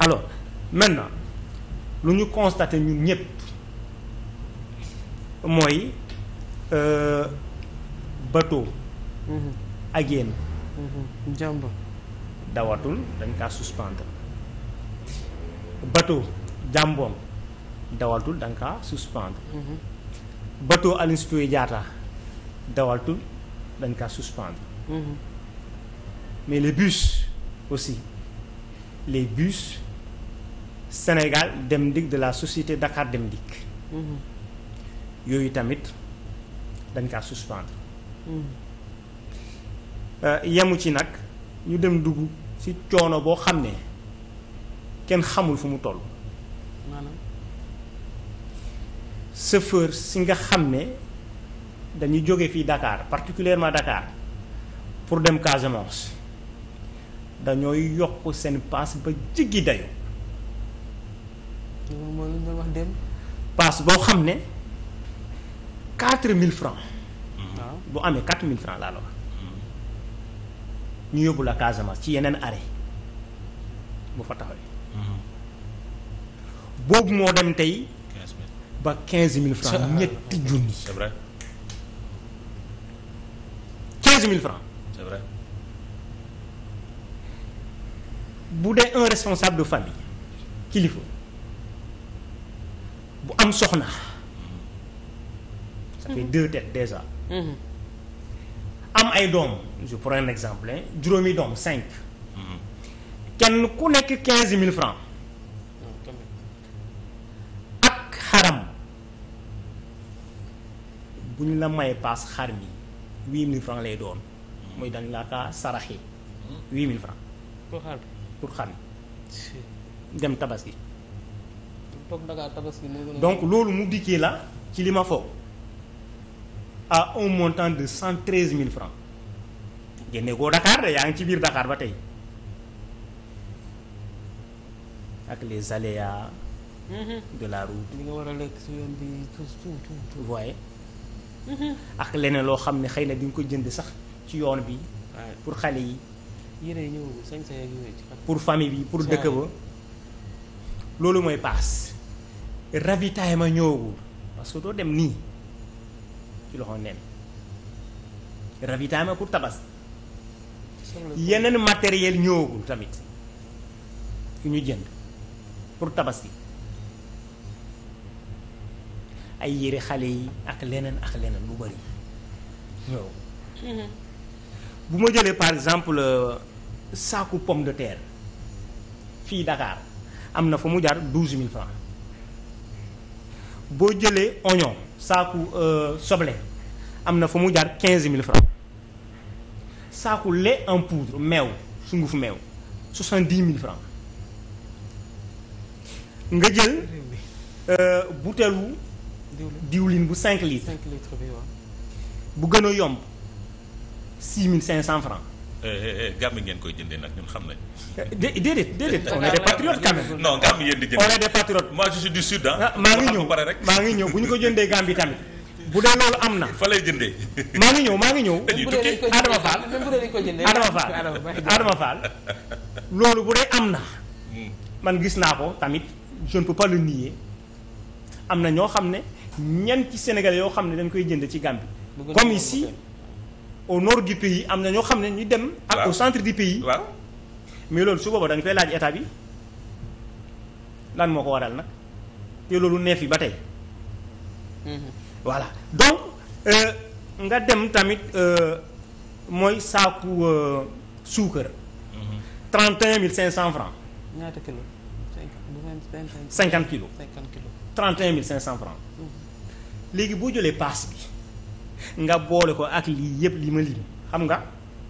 alors maintenant lu ñu constaté ñun ñëpp mooy euh, bateau. Mhm. ak yéen. Mhm. jàmba. dawatul dañ kaa suspendre bateau jàmboom dawatul dañ kaa suspendre. Mhm. bateau Aline Sitoé dawatul dañ ka suspendre. mais les bus aussi les bus. Sénégal Dem Dikk de la société Dakar Dem Dikk mhm. yooyu tamit dañ kaa suspendre mhm. euh, yemu ci nag ñu dem dugg ci coono boo xam ne kenn xamul fu mu toll maanaam chauffeur si nga xam ne dañuy jóge fii Dakar particulièrement Dakar pour dem Casamance dañooy yokk seen paas ba jiggi dayo mooy lu ñu boo xam ne quatre mille francs mm-hmm. ah, bu amee quatre mille francs laa la wax mm-hmm. ñu yóbbu la Casamance ci yeneen arrêt bu fa taxawee mm-hmm. boobu moo dem tey ba quinze mille francs ñetti junni quinze mille francs bu dee un responsable de famille kilifa bu am soxna ça fait mhm. mhm. am ay doom je exemple juróomi doom cinq mhm. kenn ku nekk quinze mille francs ak xaram bu ñu la may paas xar mi huit mille francs lay doon mooy dañ laa kaa saraxi huit mille francs pour xar mi dem tabaski toog Dakar tabaski moo gën donc loolu mu dikkee la ci li ma foog à un montant de cent treize mille francs génne koo Dakar de yaa ngi ci biir Dakar ba tey ak les aléas mhm. la li nga war a lekk si yoon mhm. leneen loo xam ne xëy na di nga ko jënd sax ci yoon bi. pour xale yi. yére yi ñëw sañ-sañ ak pour famille bi pour dëkk ba. loolu mooy paas. ravitaillement ñëwagul parce que doo dem nii ci loxo neen ravitaillement pour tabas yeneen matériel ñëwagul tamit yu ñu jënd pour tabaski ay yére xale yi ak leneen ak leneen lu bari ñëw mm-hmm. bu ma jëlee par exemple euh, saaku pomme de terre fii Dakar am na fa mu jar douze mille francs boo jëlee oignon saaku euh, soble am na fa mu jaar quinze mille francs saaku lait en poudre meew sunguf meew soixante dix mille francs nga jël euh, buteelu diwlin bu cinq litres bu gën a yomb six mille cinq cent francs Eh, eh, eh, gàmm ngeen koy jëndee nag ñun xam nañ déedéet déedéet on est des patriotes quand même. non gàmm yéen di jënd on est des patriotes. moi je suis du sud ah. maa ngi ñëw maa ngi ñëw ñu ko jëndee gàmm bi tamit. bu dee loolu am na. fa lay jëndee. maa ngi ñëw maa ngi ñëw. dañuy tukki Adama Fall Adama Fall loolu bu dee am na. Hmm. man gis naa ko tamit je ne peux pas am na ñoo xam ne ñenn ci Sénégal yoo xam ne dañ koy jënd ci Gambie comme ici au nord du pays am na ñoo xam ne ñu dem. ak au centre du pays. waaw mais loolu su booba da nga koy laaj état bi lan moo ko waral nag te loolu neef yi ba tey. Mhm. voilà donc euh, nga dem tamit euh, mooy saaku euh, suukar. 31 mhm. 500 francs. ñaata kilo 50 kilos. 50 kilos 31 500 francs. Mhm. léegi boo jëlee paas bi. nga boole ko ak lii yëpp li ma lim xam nga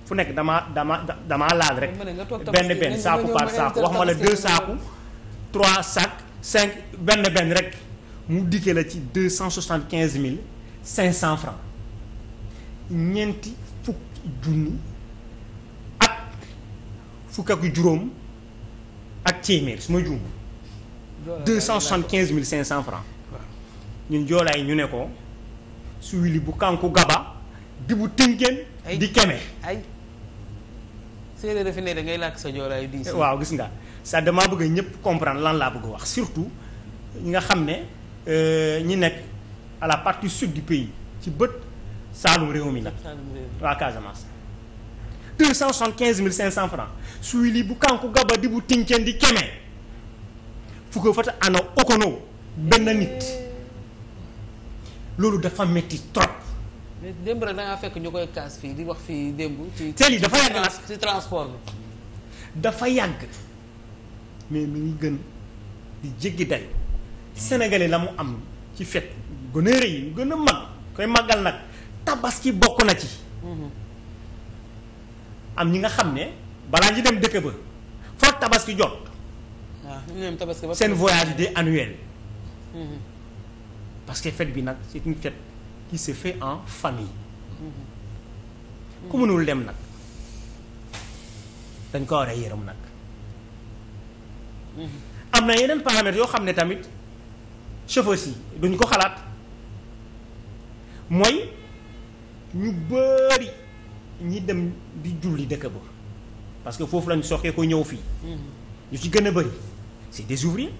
fu nekk damaa dama damaa laal rek benn benn saaku par saaku wax ma la deux saaku trois sacs cinq benn benn rek mu dikkee la ci deux cent soixante quinze mille cinq cent francs ñeenti fukki fukk juróom ak téeméer su ma juum deux cent soixante quinze mille cinq cent francs ñun joolaay ñu ne ko Suwili bu Kanku Gaba di bu Tënkeen di Keme ay séeréer a fi da ngay làkk sa joolaayu di waaw gis nga ça dama bëgg ñëpp comprendre lan laa bëgg wax surtout ñi nga xam ne euh, ñi nekk à la partie sud du pays ci bët Saalum réew mi nag waa Casamance deux cent soixante-quinze mille cinq cent francs Suwili bu Kanku Gaba di bu Tënkeen di Keme fu ko fata ana okono benn nit loolu dafa métti trop. mais démb rek da fekk ñu koy kaas fii di wax fii démb. ci teel yi dafa yàgg ci transport bi. dafa yàgg mais mi ngi gën di jéggi day sénégalais la mu am ci fête gën a rëy yu gën a mag koy màggal nag tabaski bokk na ci. Mhm. am ñi nga xam ne balaa ñi dem dëkk ba foofu tabaski jot. waaw ah, ñu dem tabaski ba seen voyage day annuel. Mhm. parce que fête bi nag c'est une fête qui se fait en famille mm-hmm. ku mënul dem nag dañ ko war a yërëm nag mm-hmm. am na yeneen paramètres yoo xam ne tamit chauffeurs si duñ ko xalaat mooy ñu bëri ñi dem di julli dëkk ba parce que foofu lañ soxee ko ñëw fii mm-hmm. ñu ci gën a bëri c'est des ouvriers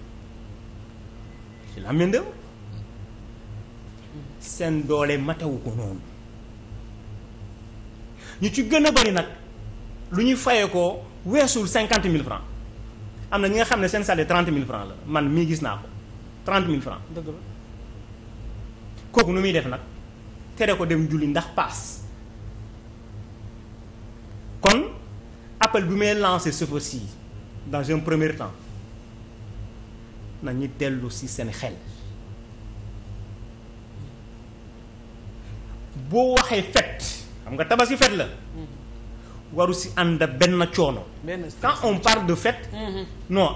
c'est la seen doole matewu ko noonu ñu ci gën a bari nag lu ñuy fayee ko weesul cinquante mille francs am na ñi nga xam ne seen salaire trente mille francs la man mii gis naa ko trente mille francs dëgg la kooku nu muy def nag tere ko dem julli ndax paas kon appel bi may lancé ce fois-ci dans un premier temps nañu dellu si seen xel boo waxee fet xam nga tabaski fête la waru si ànd benn coono. quand on parle de fête. Mm-hmm.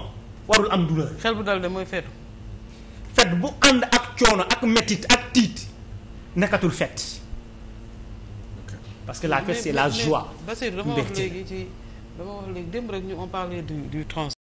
warul am douleur. xel bu dal de mooy fête. fet bu ànd ak coono ak métit ak tiit nekkatul fête. parce que la fête c'est la joie. mbégte dama wax léegi ci rek